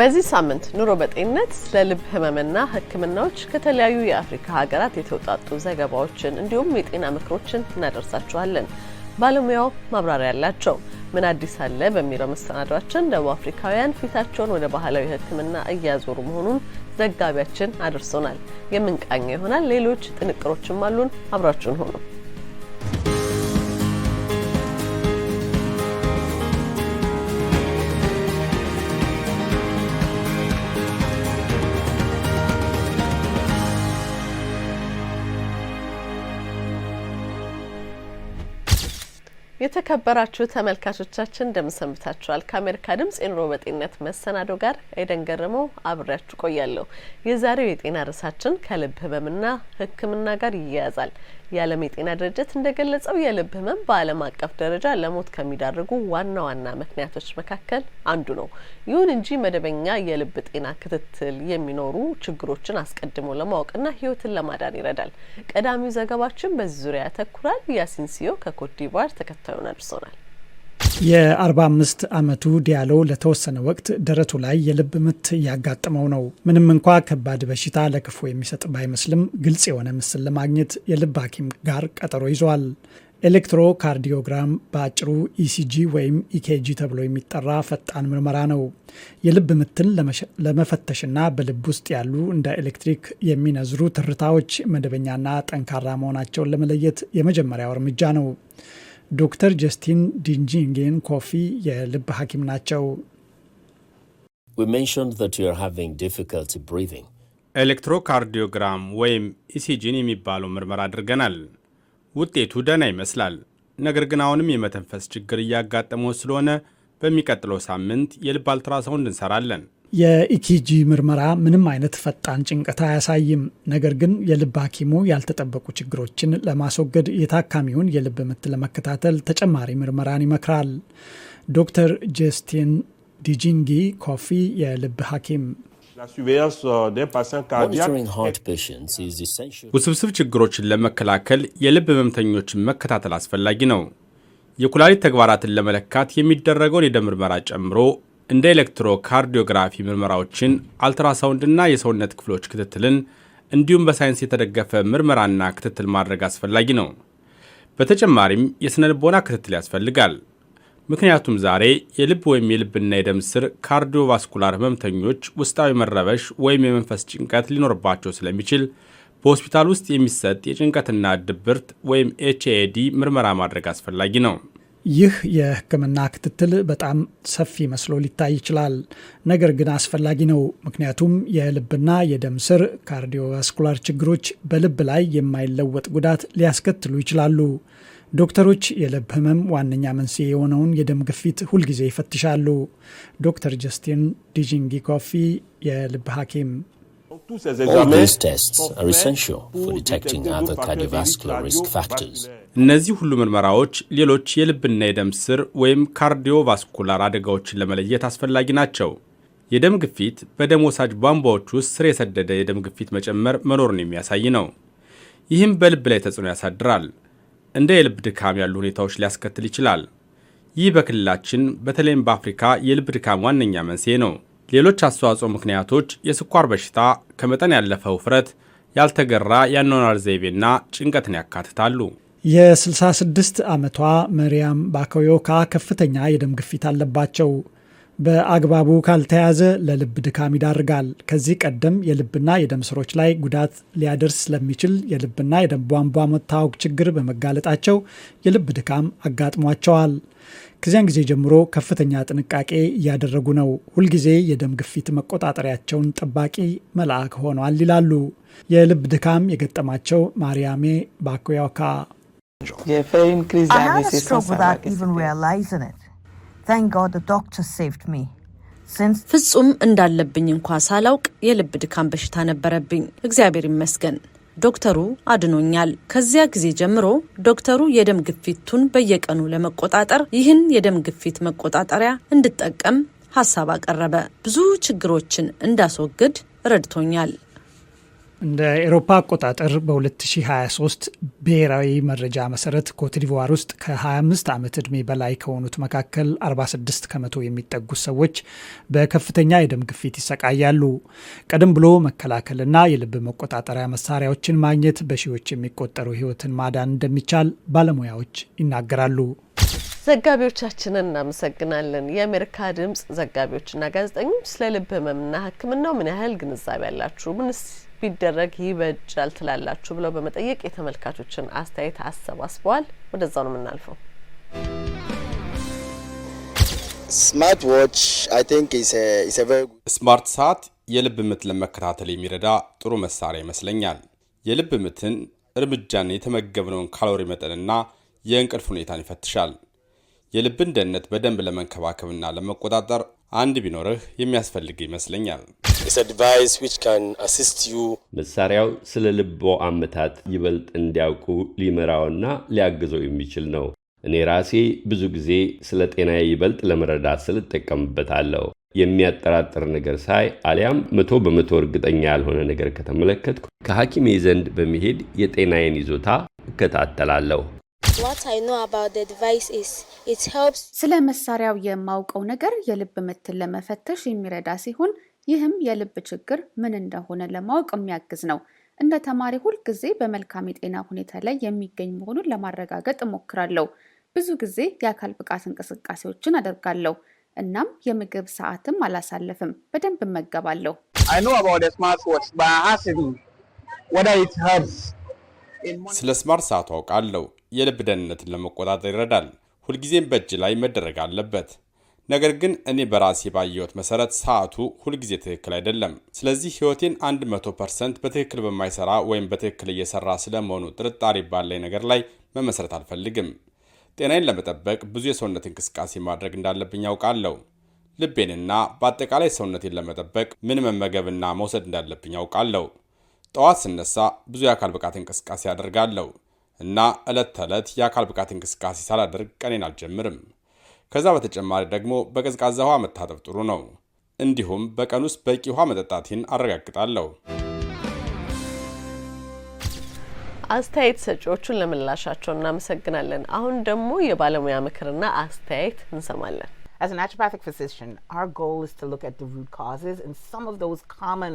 በዚህ ሳምንት ኑሮ በጤንነት ስለ ልብ ህመምና ህክምናዎች ከተለያዩ የአፍሪካ ሀገራት የተውጣጡ ዘገባዎችን እንዲሁም የጤና ምክሮችን እናደርሳችኋለን። ባለሙያው ማብራሪያ ያላቸው ምን አዲስ አለ በሚለው መሰናዷችን ደቡብ አፍሪካውያን ፊታቸውን ወደ ባህላዊ ህክምና እያዞሩ መሆኑን ዘጋቢያችን አድርሶናል። የምንቃኘ ይሆናል። ሌሎች ጥንቅሮችም አሉን። አብራችሁን ሆኑ። የተከበራችሁ ተመልካቾቻችን እንደምን ከአሜሪካ ድምጽ የኑሮ በጤንነት መሰናዶ ጋር ኤደን ገረመው አብሬያችሁ ቆያለሁ። የዛሬው የጤና ርዕሳችን ከልብ ህመምና ሕክምና ጋር ይያያዛል። የዓለም የጤና ድርጅት እንደገለጸው የልብ ህመም በዓለም አቀፍ ደረጃ ለሞት ከሚዳርጉ ዋና ዋና ምክንያቶች መካከል አንዱ ነው። ይሁን እንጂ መደበኛ የልብ ጤና ክትትል የሚኖሩ ችግሮችን አስቀድሞ ለማወቅና ህይወትን ለማዳን ይረዳል። ቀዳሚው ዘገባችን በዚህ ዙሪያ ያተኩራል። ያሲንሲዮ ከኮትዲቯር ተከታዩ ዲያሎን አድርሶናል። የ45 ዓመቱ ዲያሎ ለተወሰነ ወቅት ደረቱ ላይ የልብ ምት እያጋጠመው ነው። ምንም እንኳ ከባድ በሽታ ለክፉ የሚሰጥ ባይመስልም ግልጽ የሆነ ምስል ለማግኘት የልብ ሐኪም ጋር ቀጠሮ ይዟል። ኤሌክትሮካርዲዮግራም በአጭሩ ኢሲጂ ወይም ኢኬጂ ተብሎ የሚጠራ ፈጣን ምርመራ ነው። የልብ ምትን ለመፈተሽና በልብ ውስጥ ያሉ እንደ ኤሌክትሪክ የሚነዝሩ ትርታዎች መደበኛና ጠንካራ መሆናቸውን ለመለየት የመጀመሪያው እርምጃ ነው። ዶክተር ጀስቲን ዲንጂንጌን ኮፊ የልብ ሐኪም ናቸው። ኤሌክትሮካርዲዮግራም ወይም ኢሲጂን የሚባለው ምርመራ አድርገናል። ውጤቱ ደህና ይመስላል። ነገር ግን አሁንም የመተንፈስ ችግር እያጋጠመው ስለሆነ በሚቀጥለው ሳምንት የልብ አልትራሳውንድ እንሰራለን። የኢኪጂ ምርመራ ምንም አይነት ፈጣን ጭንቀት አያሳይም። ነገር ግን የልብ ሐኪሙ ያልተጠበቁ ችግሮችን ለማስወገድ የታካሚውን የልብ ምት ለመከታተል ተጨማሪ ምርመራን ይመክራል። ዶክተር ጀስቲን ዲጂንጊ ኮፊ የልብ ሐኪም ውስብስብ ችግሮችን ለመከላከል የልብ ህመምተኞችን መከታተል አስፈላጊ ነው። የኩላሊት ተግባራትን ለመለካት የሚደረገውን የደም ምርመራ ጨምሮ እንደ ኤሌክትሮካርዲዮግራፊ ምርመራዎችን፣ አልትራሳውንድና የሰውነት ክፍሎች ክትትልን እንዲሁም በሳይንስ የተደገፈ ምርመራና ክትትል ማድረግ አስፈላጊ ነው። በተጨማሪም የሥነ ልቦና ክትትል ያስፈልጋል። ምክንያቱም ዛሬ የልብ ወይም የልብና የደም ስር ካርዲዮቫስኩላር ህመምተኞች ውስጣዊ መረበሽ ወይም የመንፈስ ጭንቀት ሊኖርባቸው ስለሚችል በሆስፒታል ውስጥ የሚሰጥ የጭንቀትና ድብርት ወይም ኤችኤዲ ምርመራ ማድረግ አስፈላጊ ነው። ይህ የሕክምና ክትትል በጣም ሰፊ መስሎ ሊታይ ይችላል። ነገር ግን አስፈላጊ ነው፣ ምክንያቱም የልብና የደም ስር ካርዲዮቫስኩላር ችግሮች በልብ ላይ የማይለወጥ ጉዳት ሊያስከትሉ ይችላሉ። ዶክተሮች የልብ ህመም ዋነኛ መንስኤ የሆነውን የደም ግፊት ሁልጊዜ ይፈትሻሉ። ዶክተር ጀስቲን ዲጂንጊ ኮፊ የልብ ሐኪም All these tests are essential for detecting other cardiovascular risk factors. እነዚህ ሁሉ ምርመራዎች ሌሎች የልብና የደም ስር ወይም ካርዲዮቫስኩላር አደጋዎችን ለመለየት አስፈላጊ ናቸው። የደም ግፊት በደም ወሳጅ ቧንቧዎች ውስጥ ስር የሰደደ የደም ግፊት መጨመር መኖሩን የሚያሳይ ነው። ይህም በልብ ላይ ተጽዕኖ ያሳድራል። እንደ የልብ ድካም ያሉ ሁኔታዎች ሊያስከትል ይችላል። ይህ በክልላችን በተለይም በአፍሪካ የልብ ድካም ዋነኛ መንስኤ ነው። ሌሎች አስተዋጽኦ ምክንያቶች የስኳር በሽታ፣ ከመጠን ያለፈ ውፍረት፣ ያልተገራ የአኗኗር ዘይቤና ጭንቀትን ያካትታሉ። የ66 ዓመቷ መሪያም ባኮዮካ ከፍተኛ የደም ግፊት አለባቸው። በአግባቡ ካልተያዘ ለልብ ድካም ይዳርጋል። ከዚህ ቀደም የልብና የደም ስሮች ላይ ጉዳት ሊያደርስ ስለሚችል የልብና የደም ቧንቧ መታወክ ችግር በመጋለጣቸው የልብ ድካም አጋጥሟቸዋል። ከዚያን ጊዜ ጀምሮ ከፍተኛ ጥንቃቄ እያደረጉ ነው። ሁልጊዜ የደም ግፊት መቆጣጠሪያቸውን ጠባቂ መልአክ ሆኗል ይላሉ የልብ ድካም የገጠማቸው ማርያሜ ባኮያካ Yeah, very increased. I had a stroke without even realizing it. Thank God the doctor saved me. ፍጹም እንዳለብኝ እንኳ ሳላውቅ የልብ ድካም በሽታ ነበረብኝ። እግዚአብሔር ይመስገን ዶክተሩ አድኖኛል። ከዚያ ጊዜ ጀምሮ ዶክተሩ የደም ግፊቱን በየቀኑ ለመቆጣጠር ይህን የደም ግፊት መቆጣጠሪያ እንድጠቀም ሀሳብ አቀረበ። ብዙ ችግሮችን እንዳስወግድ ረድቶኛል። እንደ ኤሮፓ አቆጣጠር በ2023 ብሔራዊ መረጃ መሰረት ኮትዲቫር ውስጥ ከ25 ዓመት ዕድሜ በላይ ከሆኑት መካከል 46 ከመቶ የሚጠጉት ሰዎች በከፍተኛ የደም ግፊት ይሰቃያሉ። ቀደም ብሎ መከላከልና የልብ መቆጣጠሪያ መሳሪያዎችን ማግኘት በሺዎች የሚቆጠሩ ሕይወትን ማዳን እንደሚቻል ባለሙያዎች ይናገራሉ። ዘጋቢዎቻችንን እናመሰግናለን። የአሜሪካ ድምጽ ዘጋቢዎችና ጋዜጠኞች ስለ ልብ ህክምናው ሕክምናው ምን ያህል ግንዛቤ አላችሁ? ምንስ ቢደረግ ይበጃል ትላላችሁ ብለው በመጠየቅ የተመልካቾችን አስተያየት አሰባስበዋል። ወደዛው ነው የምናልፈው። ስማርት ሰዓት የልብ ምት ለመከታተል የሚረዳ ጥሩ መሳሪያ ይመስለኛል። የልብ ምትን፣ እርምጃን፣ የተመገብነውን ካሎሪ መጠንና የእንቅልፍ ሁኔታን ይፈትሻል። የልብን ደህንነት በደንብ ለመንከባከብና ለመቆጣጠር አንድ ቢኖርህ የሚያስፈልግ ይመስለኛል። መሳሪያው ስለ ልቦ አመታት ይበልጥ እንዲያውቁ ሊመራውና ሊያግዘው የሚችል ነው። እኔ ራሴ ብዙ ጊዜ ስለ ጤና ይበልጥ ለመረዳት ስል እጠቀምበታለሁ። የሚያጠራጥር ነገር ሳይ አሊያም መቶ በመቶ እርግጠኛ ያልሆነ ነገር ከተመለከትኩ ከሐኪሜ ዘንድ በመሄድ የጤናዬን ይዞታ እከታተላለሁ። ስለ መሳሪያው የማውቀው ነገር የልብ ምትን ለመፈተሽ የሚረዳ ሲሆን ይህም የልብ ችግር ምን እንደሆነ ለማወቅ የሚያግዝ ነው። እንደ ተማሪ ሁልጊዜ በመልካም የጤና ሁኔታ ላይ የሚገኝ መሆኑን ለማረጋገጥ እሞክራለሁ። ብዙ ጊዜ የአካል ብቃት እንቅስቃሴዎችን አደርጋለሁ። እናም የምግብ ሰዓትም አላሳለፍም፣ በደንብ እመገባለሁ። ስለ ስማርት ሰዓቱ አውቃለሁ። የልብ ደህንነትን ለመቆጣጠር ይረዳል። ሁልጊዜም በእጅ ላይ መደረግ አለበት። ነገር ግን እኔ በራሴ ባየሁት መሰረት ሰዓቱ ሁልጊዜ ትክክል አይደለም። ስለዚህ ህይወቴን 100 ፐርሰንት በትክክል በማይሰራ ወይም በትክክል እየሰራ ስለመሆኑ ጥርጣሬ ባለኝ ነገር ላይ መመስረት አልፈልግም። ጤናዬን ለመጠበቅ ብዙ የሰውነት እንቅስቃሴ ማድረግ እንዳለብኝ አውቃለሁ። ልቤንና በአጠቃላይ ሰውነቴን ለመጠበቅ ምን መመገብና መውሰድ እንዳለብኝ አውቃለሁ። ጠዋት ስነሳ ብዙ የአካል ብቃት እንቅስቃሴ አደርጋለሁ እና ዕለት ተዕለት የአካል ብቃት እንቅስቃሴ ሳላደርግ ቀኔን አልጀምርም። ከዛ በተጨማሪ ደግሞ በቀዝቃዛ ውሃ መታጠብ ጥሩ ነው። እንዲሁም በቀን ውስጥ በቂ ውሃ መጠጣቴን አረጋግጣለሁ። አስተያየት ሰጪዎቹን ለምላሻቸው እናመሰግናለን። አሁን ደግሞ የባለሙያ ምክርና አስተያየት እንሰማለን። As a naturopathic physician, our goal is to look at the root causes and some of those common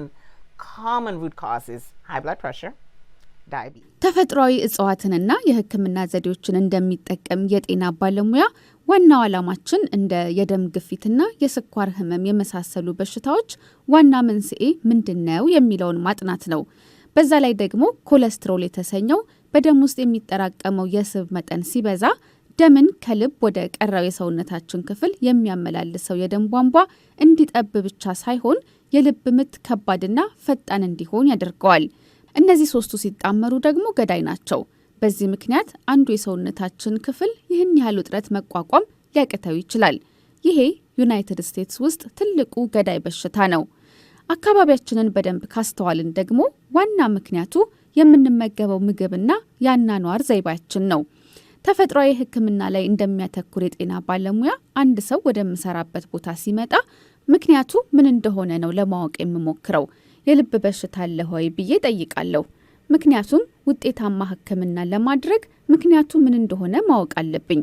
ተፈጥሯዊ እጽዋትንና የሕክምና ዘዴዎችን እንደሚጠቀም የጤና ባለሙያ ዋናው ዓላማችን እንደ የደም ግፊትና የስኳር ህመም የመሳሰሉ በሽታዎች ዋና መንስኤ ምንድን ነው የሚለውን ማጥናት ነው። በዛ ላይ ደግሞ ኮለስትሮል የተሰኘው በደም ውስጥ የሚጠራቀመው የስብ መጠን ሲበዛ ደምን ከልብ ወደ ቀረው የሰውነታችን ክፍል የሚያመላልሰው የደም ቧንቧ እንዲጠብ ብቻ ሳይሆን የልብ ምት ከባድና ፈጣን እንዲሆን ያደርገዋል። እነዚህ ሶስቱ ሲጣመሩ ደግሞ ገዳይ ናቸው። በዚህ ምክንያት አንዱ የሰውነታችን ክፍል ይህን ያህል ውጥረት መቋቋም ሊያቅተው ይችላል። ይሄ ዩናይትድ ስቴትስ ውስጥ ትልቁ ገዳይ በሽታ ነው። አካባቢያችንን በደንብ ካስተዋልን ደግሞ ዋና ምክንያቱ የምንመገበው ምግብና የአኗኗር ዘይቤያችን ነው። ተፈጥሯዊ ሕክምና ላይ እንደሚያተኩር የጤና ባለሙያ አንድ ሰው ወደምሰራበት ቦታ ሲመጣ ምክንያቱ ምን እንደሆነ ነው ለማወቅ የምሞክረው። የልብ በሽታ አለ ሆይ ብዬ ጠይቃለሁ። ምክንያቱም ውጤታማ ሕክምና ለማድረግ ምክንያቱ ምን እንደሆነ ማወቅ አለብኝ።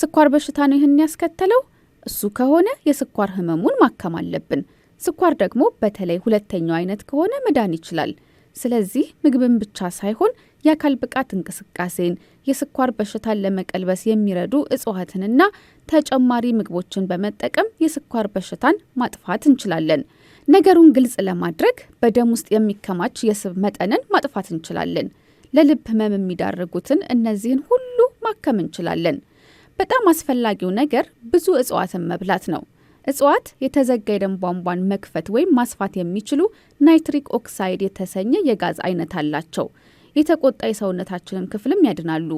ስኳር በሽታ ነው ይህን ያስከተለው? እሱ ከሆነ የስኳር ህመሙን ማከም አለብን። ስኳር ደግሞ በተለይ ሁለተኛው አይነት ከሆነ መዳን ይችላል። ስለዚህ ምግብን ብቻ ሳይሆን የአካል ብቃት እንቅስቃሴን፣ የስኳር በሽታን ለመቀልበስ የሚረዱ እጽዋትንና ተጨማሪ ምግቦችን በመጠቀም የስኳር በሽታን ማጥፋት እንችላለን። ነገሩን ግልጽ ለማድረግ በደም ውስጥ የሚከማች የስብ መጠንን ማጥፋት እንችላለን። ለልብ ህመም የሚዳርጉትን እነዚህን ሁሉ ማከም እንችላለን። በጣም አስፈላጊው ነገር ብዙ እጽዋትን መብላት ነው። እጽዋት የተዘጋ የደም ቧንቧን መክፈት ወይም ማስፋት የሚችሉ ናይትሪክ ኦክሳይድ የተሰኘ የጋዝ አይነት አላቸው። የተቆጣ የሰውነታችንን ክፍልም ያድናሉ።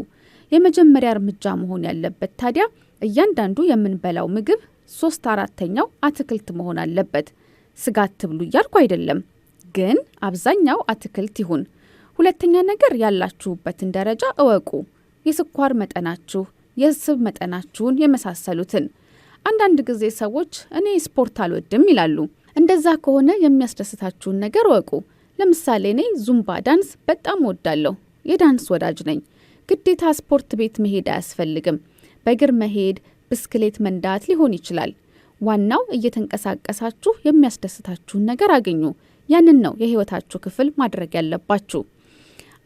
የመጀመሪያ እርምጃ መሆን ያለበት ታዲያ እያንዳንዱ የምንበላው ምግብ ሶስት አራተኛው አትክልት መሆን አለበት። ስጋ አትብሉ እያልኩ አይደለም፣ ግን አብዛኛው አትክልት ይሁን። ሁለተኛ ነገር ያላችሁበትን ደረጃ እወቁ፣ የስኳር መጠናችሁ፣ የስብ መጠናችሁን የመሳሰሉትን። አንዳንድ ጊዜ ሰዎች እኔ ስፖርት አልወድም ይላሉ። እንደዛ ከሆነ የሚያስደስታችሁን ነገር እወቁ። ለምሳሌ እኔ ዙምባ ዳንስ በጣም ወዳለሁ የዳንስ ወዳጅ ነኝ። ግዴታ ስፖርት ቤት መሄድ አያስፈልግም። በእግር መሄድ፣ ብስክሌት መንዳት ሊሆን ይችላል። ዋናው እየተንቀሳቀሳችሁ የሚያስደስታችሁን ነገር አገኙ። ያንን ነው የህይወታችሁ ክፍል ማድረግ ያለባችሁ።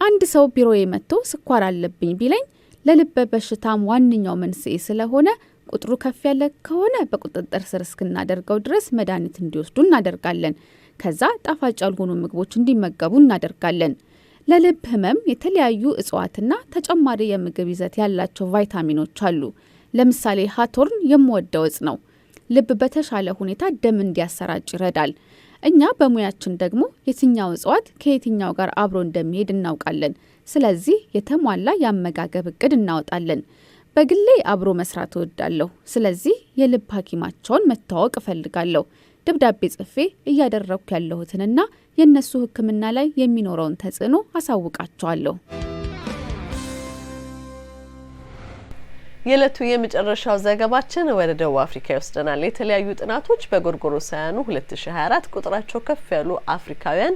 አንድ ሰው ቢሮዬ መጥቶ ስኳር አለብኝ ቢለኝ ለልበ በሽታም ዋነኛው መንስኤ ስለሆነ ቁጥሩ ከፍ ያለ ከሆነ በቁጥጥር ስር እስክናደርገው ድረስ መድኃኒት እንዲወስዱ እናደርጋለን። ከዛ ጣፋጭ ያልሆኑ ምግቦች እንዲመገቡ እናደርጋለን። ለልብ ህመም የተለያዩ እጽዋትና ተጨማሪ የምግብ ይዘት ያላቸው ቫይታሚኖች አሉ። ለምሳሌ ሀቶርን የምወደው እጽ ነው። ልብ በተሻለ ሁኔታ ደም እንዲያሰራጭ ይረዳል። እኛ በሙያችን ደግሞ የትኛው እጽዋት ከየትኛው ጋር አብሮ እንደሚሄድ እናውቃለን። ስለዚህ የተሟላ የአመጋገብ እቅድ እናወጣለን። በግሌ አብሮ መስራት እወዳለሁ። ስለዚህ የልብ ሐኪማቸውን መተዋወቅ እፈልጋለሁ። ደብዳቤ ጽፌ እያደረግኩ ያለሁትንና የእነሱ ሕክምና ላይ የሚኖረውን ተጽዕኖ አሳውቃቸዋለሁ። የዕለቱ የመጨረሻው ዘገባችን ወደ ደቡብ አፍሪካ ይወስደናል። የተለያዩ ጥናቶች በጎርጎሮሳውያኑ 2024 ቁጥራቸው ከፍ ያሉ አፍሪካውያን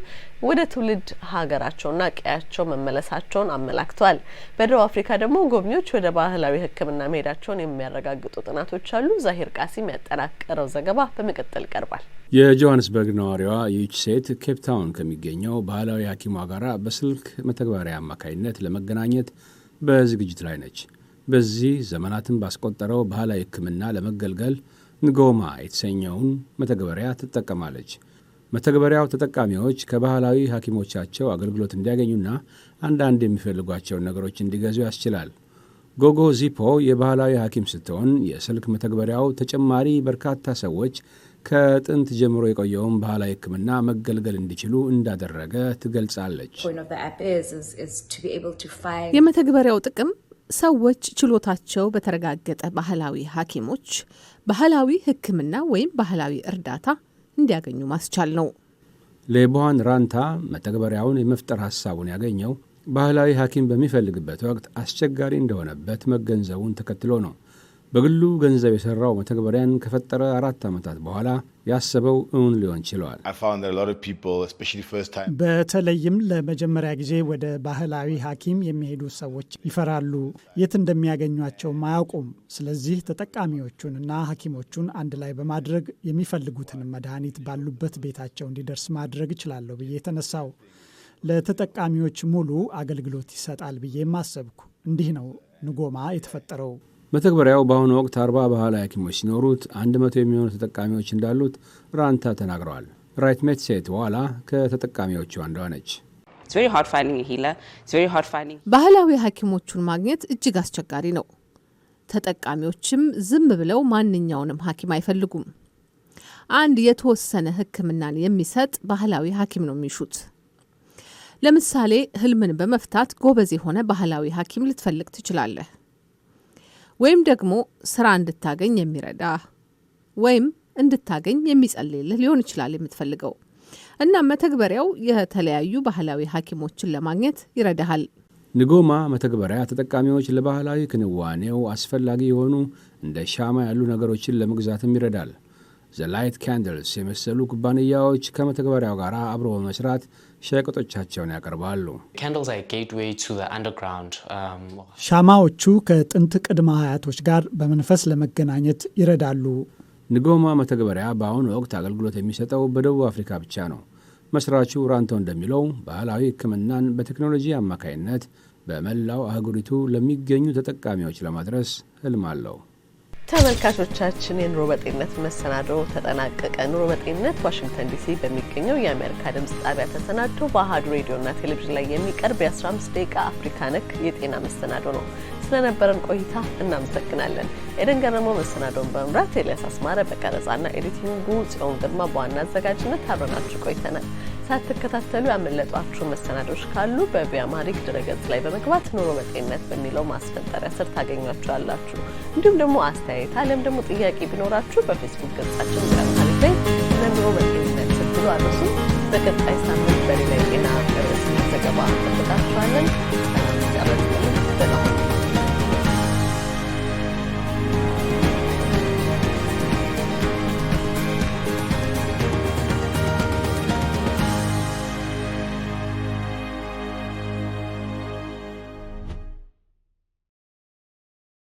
ወደ ትውልድ ሀገራቸውና ቀያቸው መመለሳቸውን አመላክተዋል። በደቡብ አፍሪካ ደግሞ ጎብኚዎች ወደ ባህላዊ ሕክምና መሄዳቸውን የሚያረጋግጡ ጥናቶች አሉ። ዛሂር ቃሲም ያጠናቀረው ዘገባ በመቀጠል ቀርቧል። የጆሃንስበርግ ነዋሪዋ ይች ሴት ኬፕ ታውን ከሚገኘው ባህላዊ ሐኪሟ ጋራ በስልክ መተግበሪያ አማካኝነት ለመገናኘት በዝግጅት ላይ ነች። በዚህ ዘመናትን ባስቆጠረው ባህላዊ ሕክምና ለመገልገል ንጎማ የተሰኘውን መተግበሪያ ትጠቀማለች። መተግበሪያው ተጠቃሚዎች ከባህላዊ ሐኪሞቻቸው አገልግሎት እንዲያገኙና አንዳንድ የሚፈልጓቸውን ነገሮች እንዲገዙ ያስችላል። ጎጎ ዚፖ የባህላዊ ሐኪም ስትሆን የስልክ መተግበሪያው ተጨማሪ በርካታ ሰዎች ከጥንት ጀምሮ የቆየውን ባህላዊ ሕክምና መገልገል እንዲችሉ እንዳደረገ ትገልጻለች። የመተግበሪያው ጥቅም ሰዎች ችሎታቸው በተረጋገጠ ባህላዊ ሐኪሞች ባህላዊ ሕክምና ወይም ባህላዊ እርዳታ እንዲያገኙ ማስቻል ነው። ሌቦሃን ራንታ መተግበሪያውን የመፍጠር ሐሳቡን ያገኘው ባህላዊ ሐኪም በሚፈልግበት ወቅት አስቸጋሪ እንደሆነበት መገንዘቡን ተከትሎ ነው። በግሉ ገንዘብ የሠራው መተግበሪያን ከፈጠረ አራት ዓመታት በኋላ ያሰበው እውን ሊሆን ችለዋል። በተለይም ለመጀመሪያ ጊዜ ወደ ባህላዊ ሐኪም የሚሄዱ ሰዎች ይፈራሉ፣ የት እንደሚያገኟቸው አያውቁም። ስለዚህ ተጠቃሚዎቹንና ሐኪሞቹን አንድ ላይ በማድረግ የሚፈልጉትን መድኃኒት ባሉበት ቤታቸው እንዲደርስ ማድረግ እችላለሁ ብዬ የተነሳው ለተጠቃሚዎች ሙሉ አገልግሎት ይሰጣል ብዬም አሰብኩ። እንዲህ ነው ንጎማ የተፈጠረው። መተግበሪያው በአሁኑ ወቅት አርባ ባህላዊ ሐኪሞች ሲኖሩት አንድ መቶ የሚሆኑ ተጠቃሚዎች እንዳሉት ራንታ ተናግረዋል። ራይት ሜት ሴት ዋላ ከተጠቃሚዎቹ አንዷ ነች። ባህላዊ ሐኪሞቹን ማግኘት እጅግ አስቸጋሪ ነው። ተጠቃሚዎችም ዝም ብለው ማንኛውንም ሐኪም አይፈልጉም። አንድ የተወሰነ ሕክምናን የሚሰጥ ባህላዊ ሐኪም ነው የሚሹት። ለምሳሌ ህልምን በመፍታት ጎበዝ የሆነ ባህላዊ ሐኪም ልትፈልግ ትችላለህ። ወይም ደግሞ ስራ እንድታገኝ የሚረዳ ወይም እንድታገኝ የሚጸልይልህ ሊሆን ይችላል የምትፈልገው። እናም መተግበሪያው የተለያዩ ባህላዊ ሐኪሞችን ለማግኘት ይረዳሃል። ንጎማ መተግበሪያ ተጠቃሚዎች ለባህላዊ ክንዋኔው አስፈላጊ የሆኑ እንደ ሻማ ያሉ ነገሮችን ለመግዛትም ይረዳል። ዘላይት ካንድልስ የመሰሉ ኩባንያዎች ከመተግበሪያው ጋር አብሮ በመስራት ሸቀጦቻቸውን ያቀርባሉ። um, ሻማዎቹ ከጥንት ቅድመ አያቶች ጋር በመንፈስ ለመገናኘት ይረዳሉ። ንጎማ መተግበሪያ በአሁኑ ወቅት አገልግሎት የሚሰጠው በደቡብ አፍሪካ ብቻ ነው። መስራቹ ራንቶ እንደሚለው ባህላዊ ሕክምናን በቴክኖሎጂ አማካይነት በመላው አህጉሪቱ ለሚገኙ ተጠቃሚዎች ለማድረስ ህልም አለው። ተመልካቾቻችን የኑሮ በጤንነት መሰናዶ ተጠናቀቀ። ኑሮ በጤንነት ዋሽንግተን ዲሲ በሚገኘው የአሜሪካ ድምጽ ጣቢያ ተሰናዶ በአህዱ ሬዲዮና ቴሌቪዥን ላይ የሚቀርብ የ15 ደቂቃ አፍሪካ ነክ የጤና መሰናዶ ነው። ስለነበረን ቆይታ እናመሰግናለን። ኤደን ገረመው መሰናዶውን በመምራት ኤልያስ አስማረ በቀረጻና ኤዲቲንጉ፣ ጽዮን ግርማ በዋና አዘጋጅነት አብረናችሁ ቆይተናል። ሳትከታተሉ ያመለጧችሁ መሰናዶች ካሉ በቪኦኤ ድረገጽ ላይ በመግባት ኑሮ በጤንነት በሚለው ማስፈንጠሪያ ስር ታገኟቸዋላችሁ። እንዲሁም ደግሞ አስተያየት አለም ደግሞ ጥያቄ ቢኖራችሁ በፌስቡክ ገጻችን ዛማሪ ላይ ለኑሮ በጤንነት ስትሉ አድረሱ። በቀጣይ ሳምንት በሌላ የጤና ዘገባ እንጠብቃችኋለን። ሰላም ጫበት በጣም